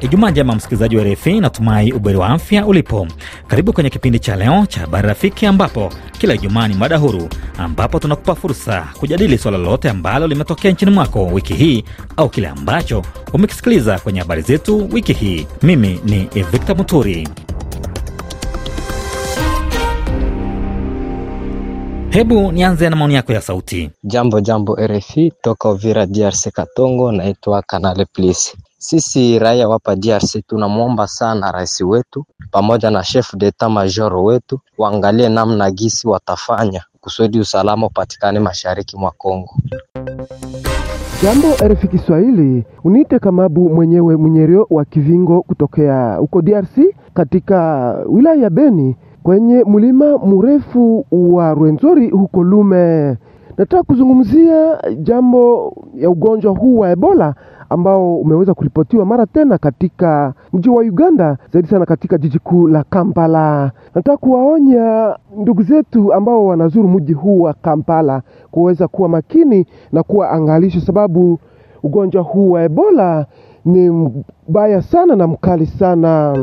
Ijumaa njema msikilizaji wa RFI, natumai uberi wa afya ulipo. Karibu kwenye kipindi cha leo cha Habari Rafiki, ambapo kila Ijumaa ni mada huru, ambapo tunakupa fursa kujadili suala lolote ambalo limetokea nchini mwako wiki hii au kile ambacho umekisikiliza kwenye habari zetu wiki hii. Mimi ni Victor Muturi. Hebu nianze na maoni yako ya sauti. Jambo jambo RFI toka Uvira DRC Katongo, naitwa Kanale Please. Sisi raia wapa DRC tunamwomba sana rais wetu pamoja na chef d'etat major wetu waangalie namna gisi watafanya kusudi usalama upatikane mashariki mwa Kongo. Jambo RFI Kiswahili, uniite Kamabu mwenyewe mwenyerio wa Kivingo kutokea huko DRC katika wilaya ya Beni kwenye mlima mrefu wa Rwenzori huko Lume. Nataka kuzungumzia jambo ya ugonjwa huu wa Ebola ambao umeweza kuripotiwa mara tena katika mji wa Uganda, zaidi sana katika jiji kuu la Kampala. Nataka kuwaonya ndugu zetu ambao wanazuru mji huu wa Kampala kuweza kuwa makini na kuwa angalisho, sababu ugonjwa huu wa Ebola ni mbaya sana na mkali sana.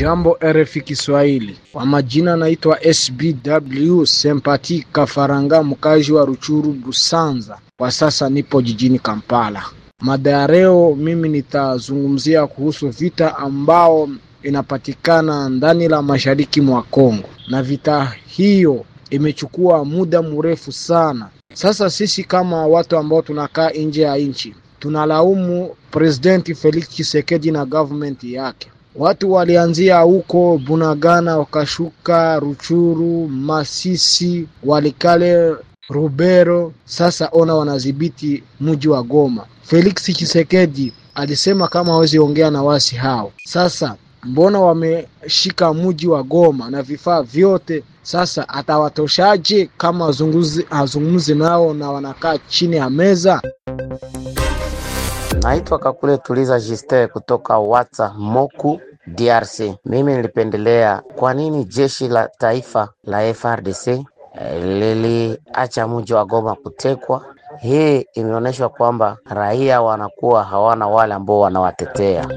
Jambo RFI Kiswahili, kwa majina naitwa SBW Sempati Kafaranga, mkazi wa Ruchuru Busanza. Kwa sasa nipo jijini Kampala. Mada ya leo mimi nitazungumzia kuhusu vita ambao inapatikana ndani la mashariki mwa Kongo, na vita hiyo imechukua muda mrefu sana. Sasa sisi kama watu ambao tunakaa nje ya nchi tunalaumu Presidenti Felix Tshisekedi na government yake Watu walianzia huko Bunagana, wakashuka Ruchuru, Masisi, Walikale, Rubero. Sasa ona wanadhibiti mji wa Goma. Felix chisekedi alisema kama hawezi ongea na wasi hao. Sasa mbona wameshika mji wa Goma na vifaa vyote? Sasa atawatoshaje kama hazungumzi nao na wanakaa chini ya meza? Naitwa Kakule Tuliza Jiste kutoka Watsa Moku DRC. Mimi nilipendelea kwa nini jeshi la taifa la FRDC eh, liliacha mji wa Goma kutekwa. Hii imeonyeshwa kwamba raia wanakuwa hawana wale ambao wanawatetea.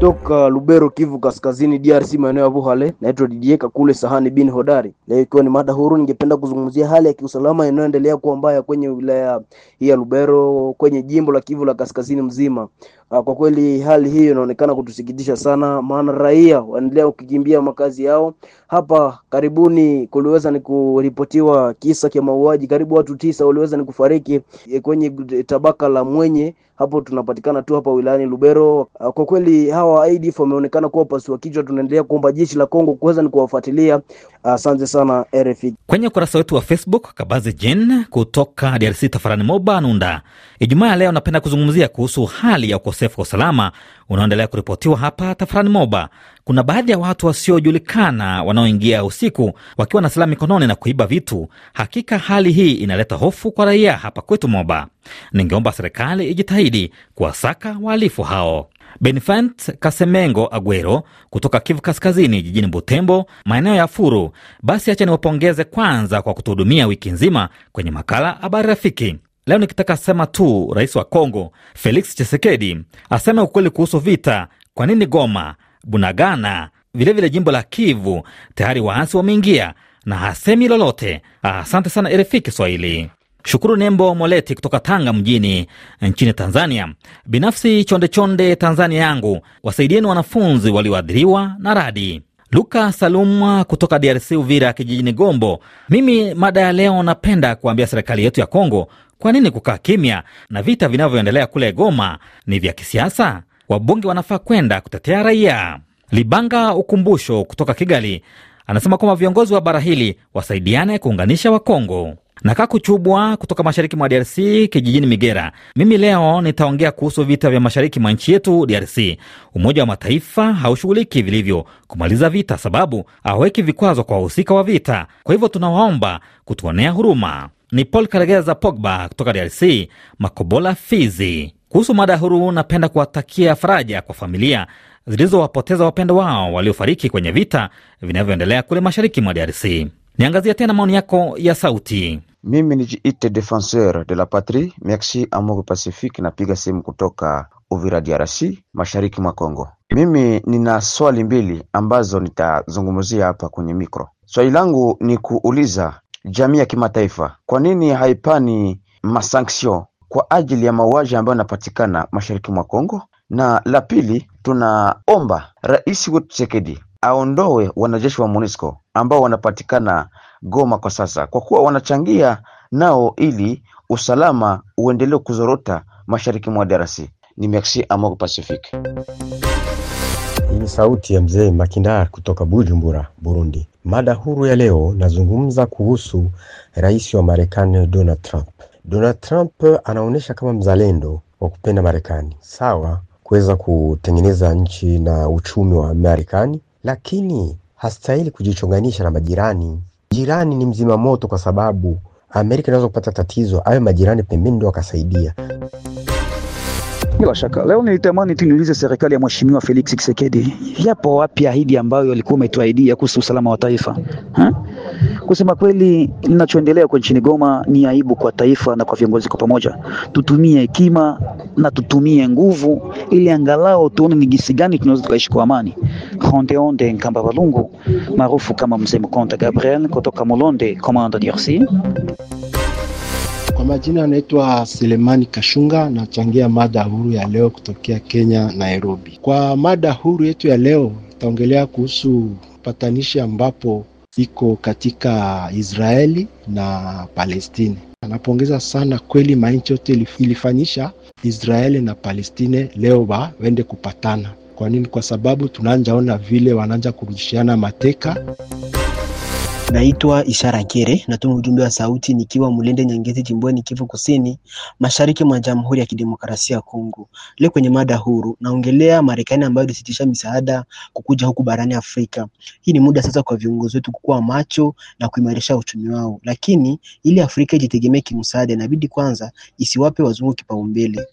Toka Lubero, Kivu Kaskazini, DRC, maeneo ya Buhale. Naitwa Didieka kule Sahani bin Hodari. Leo ikiwa ni mada huru, ningependa kuzungumzia hali ya kiusalama inayoendelea kuwa mbaya kwenye wilaya hii ya Lubero, kwenye jimbo la Kivu la Kaskazini mzima. Ah, kwa kweli hali hiyo inaonekana kutusikitisha sana, maana raia wanaendelea kukimbia makazi yao. Hapa karibuni kuliweza ni kuripotiwa kisa cha mauaji, karibu watu tisa waliweza ni kufariki eh, kwenye eh, tabaka la Mwenye hapo tunapatikana tu hapa wilayani Lubero. Ah, kwa kweli hawa ADF wameonekana kuwa pasua kichwa. Tunaendelea kuomba jeshi la Kongo kuweza ni kuwafuatilia. Asante sana RFI. Kwenye ukurasa wetu wa Facebook, Kabazi Jen kutoka DRC, Tafarani Moba Nunda, Ijumaa ya leo napenda kuzungumzia kuhusu hali ya ukosefu wa usalama unaoendelea kuripotiwa hapa Tafrani Moba. Kuna baadhi ya watu wasiojulikana wanaoingia usiku wakiwa na silaha mikononi na kuiba vitu. Hakika hali hii inaleta hofu kwa raia hapa kwetu Moba. Ningeomba serikali ijitahidi kuwasaka wahalifu hao. Benfant Kasemengo aguero kutoka Kivu Kaskazini, jijini Butembo, maeneo ya Furu. Basi acha niwapongeze kwanza kwa kutuhudumia wiki nzima kwenye makala Habari Rafiki. Leo nikitaka sema tu rais wa Kongo Felix Tshisekedi aseme ukweli kuhusu vita. Kwa nini Goma, Bunagana, vilevile vile jimbo la Kivu tayari waasi wameingia na hasemi lolote. Asante sana RFI Kiswahili. Shukuru Nembo Moleti kutoka Tanga mjini nchini Tanzania. Binafsi chondechonde chonde Tanzania yangu, wasaidieni wanafunzi walioadhiriwa na radi. Luka Salumwa kutoka DRC, Uvira kijijini Gombo. Mimi mada ya leo napenda kuambia serikali yetu ya Kongo, kwa nini kukaa kimya na vita vinavyoendelea kule Goma ni vya kisiasa? Wabunge wanafaa kwenda kutetea raia. Libanga Ukumbusho kutoka Kigali anasema kwamba viongozi wa bara hili wasaidiane kuunganisha Wakongo. Nakaa Kuchubwa kutoka mashariki mwa DRC kijijini Migera. Mimi leo nitaongea kuhusu vita vya mashariki mwa nchi yetu DRC. Umoja wa Mataifa haushughuliki vilivyo kumaliza vita, sababu haweki vikwazo kwa wahusika wa vita. Kwa hivyo tunawaomba kutuonea huruma. Ni Paul Karegeza Pogba kutoka DRC, Makobola, Fizi. Kuhusu mada huru, napenda kuwatakia faraja kwa familia zilizowapoteza wapendo wao waliofariki kwenye vita vinavyoendelea kule mashariki mwa DRC. Niangazia tena maoni yako ya sauti. Mimi nijiite Defenseur de la Patrie Merci Amour Pacifique napiga simu kutoka Uvira DRC mashariki mwa congo Mimi nina swali mbili ambazo nitazungumzia hapa kwenye mikro. Swali langu ni kuuliza jamii ya kimataifa kwa nini haipani masanction kwa ajili ya mauaji ambayo yanapatikana mashariki mwa congo na la pili, tunaomba Rais wetu chekedi aondoe wanajeshi wa monisco ambao wanapatikana Goma kwa sasa, kwa kuwa wanachangia nao ili usalama uendelee kuzorota mashariki mwa DRC. Ni Merci Amor Pacific. Hii ni sauti ya mzee Makindar kutoka Bujumbura, Burundi. Mada huru ya leo nazungumza kuhusu rais wa Marekani Donald Trump. Donald Trump anaonyesha kama mzalendo wa kupenda Marekani, sawa, kuweza kutengeneza nchi na uchumi wa Marekani, lakini hastahili kujichonganisha na majirani. Jirani ni mzima moto, kwa sababu Amerika inaweza kupata tatizo, awe majirani pembeni ndio wakasaidia. Bila shaka leo nilitamani tu niulize serikali ya mheshimiwa Felix Tshisekedi, yapo wapi ahidi ambayo alikuwa umetuahidia kuhusu usalama wa taifa ha? Kusema kweli, linachoendelea kwa nchini Goma ni aibu kwa taifa na kwa viongozi. Kwa pamoja, tutumie hekima na tutumie nguvu, ili angalau tuone ni gisi gani tunaweza tukaishi kwa amani. Rondeonde de Nkambabalungu, maarufu kama Mzee Mkonta Gabriel kutoka Mulonde Komanda, DRC. Kwa majina anaitwa Selemani Kashunga, nachangia mada huru ya leo kutokea Kenya, Nairobi. Kwa mada huru yetu ya leo itaongelea kuhusu patanishi ambapo iko katika Israeli na Palestine. Anapongeza sana kweli, mainchi yote ilifanyisha Israeli na Palestine leo ba wende kupatana kwa nini? Kwa sababu tunanjaona vile wanaanja kurushiana mateka. Naitwa Ishara Kere, natuma ujumbe wa sauti nikiwa Mulende Nyangezi, jimboni Kivu Kusini, mashariki mwa Jamhuri ya Kidemokrasia ya Kongo. Leo kwenye mada huru naongelea Marekani ambayo ilisitisha misaada kukuja huku barani Afrika. Hii ni muda sasa kwa viongozi wetu kukuwa macho na kuimarisha uchumi wao, lakini ili Afrika ijitegemee kimsaada, inabidi kwanza isiwape wazungu kipaumbele.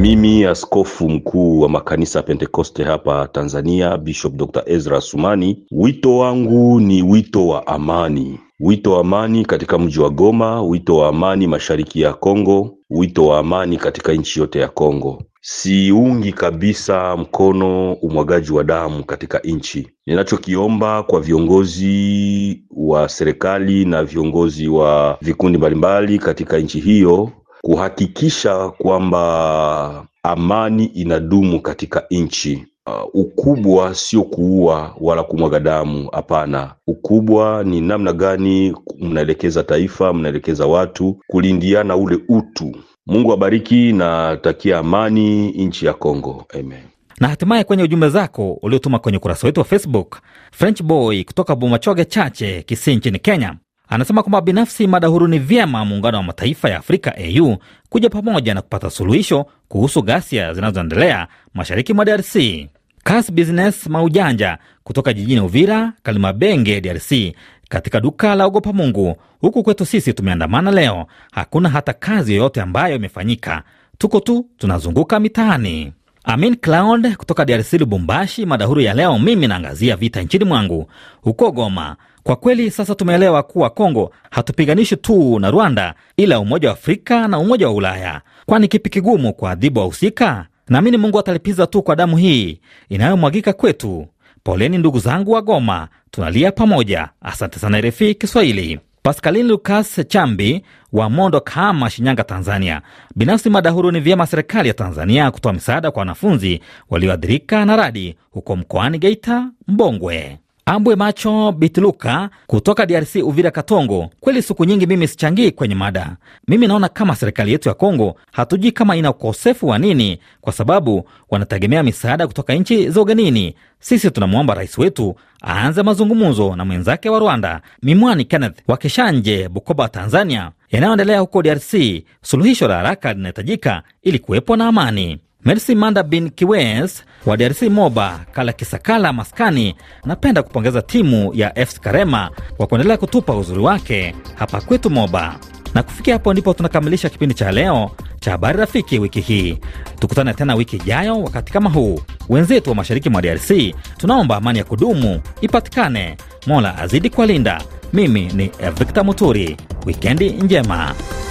Mimi askofu mkuu wa makanisa ya Pentekoste hapa Tanzania, Bishop Dr. Ezra Sumani, wito wangu ni wito wa amani, wito wa amani katika mji wa Goma, wito wa amani mashariki ya Kongo, wito wa amani katika nchi yote ya Kongo. Siungi kabisa mkono umwagaji wa damu katika nchi. Ninachokiomba kwa viongozi wa serikali na viongozi wa vikundi mbalimbali katika nchi hiyo kuhakikisha kwamba amani inadumu katika nchi. Uh, ukubwa sio kuua wala kumwaga damu, hapana. Ukubwa ni namna gani mnaelekeza taifa, mnaelekeza watu kulindiana ule utu. Mungu abariki na takia amani nchi ya Kongo. Amen. Na hatimaye kwenye ujumbe zako uliotuma kwenye ukurasa wetu wa Facebook, French Boy kutoka Bomachoge Chache Kisii nchini Kenya Anasema kwamba binafsi, madahuru ni vyema muungano wa mataifa ya Afrika AU kuja pamoja na kupata suluhisho kuhusu ghasia zinazoendelea mashariki mwa DRC. cas Business Maujanja kutoka jijini Uvira, Kalimabenge, DRC, katika duka la ogopa Mungu. Huku kwetu sisi tumeandamana leo, hakuna hata kazi yoyote ambayo imefanyika, tuko tu tunazunguka mitaani. Amin Cloud kutoka DRC, Lubumbashi. Madahuru ya leo, mimi naangazia vita nchini mwangu huko Goma. Kwa kweli sasa tumeelewa kuwa Kongo hatupiganishi tu na Rwanda, ila Umoja wa Afrika na Umoja wa Ulaya. Kwani kipi kigumu kwa adhibu wahusika? Naamini Mungu atalipiza tu kwa damu hii inayomwagika kwetu. Poleni ndugu zangu wa Goma, tunalia pamoja. Asante sana RFI Kiswahili. Paskalin Lukas Chambi wa Mondo, Kahama, Shinyanga, Tanzania. Binafsi madahuru ni vyema serikali ya Tanzania kutoa misaada kwa wanafunzi walioathirika na radi huko mkoani Geita, Mbongwe. Ambwe Macho Bitiluka kutoka DRC, Uvira Katongo. Kweli siku nyingi mimi sichangii kwenye mada. Mimi naona kama serikali yetu ya Kongo hatujui kama ina ukosefu wa nini, kwa sababu wanategemea misaada kutoka nchi za ugenini. Sisi tunamwomba rais wetu aanze mazungumzo na mwenzake wa Rwanda, Mimwani Kenneth wa Keshanje, Bukoba, Tanzania. Yanayoendelea huko DRC, suluhisho la haraka linahitajika ili kuwepo na amani. Mercy Manda bin kiwes wa DRC Moba kala kisakala maskani napenda kupongeza timu ya FC Karema kwa kuendelea kutupa uzuri wake hapa kwetu Moba. Na kufikia hapo ndipo tunakamilisha kipindi cha leo cha habari rafiki wiki hii. Tukutane tena wiki ijayo wakati kama huu. Wenzetu wa mashariki mwa DRC tunaomba amani ya kudumu ipatikane, Mola azidi kuwalinda. Mimi ni Victor Muturi, wikendi njema.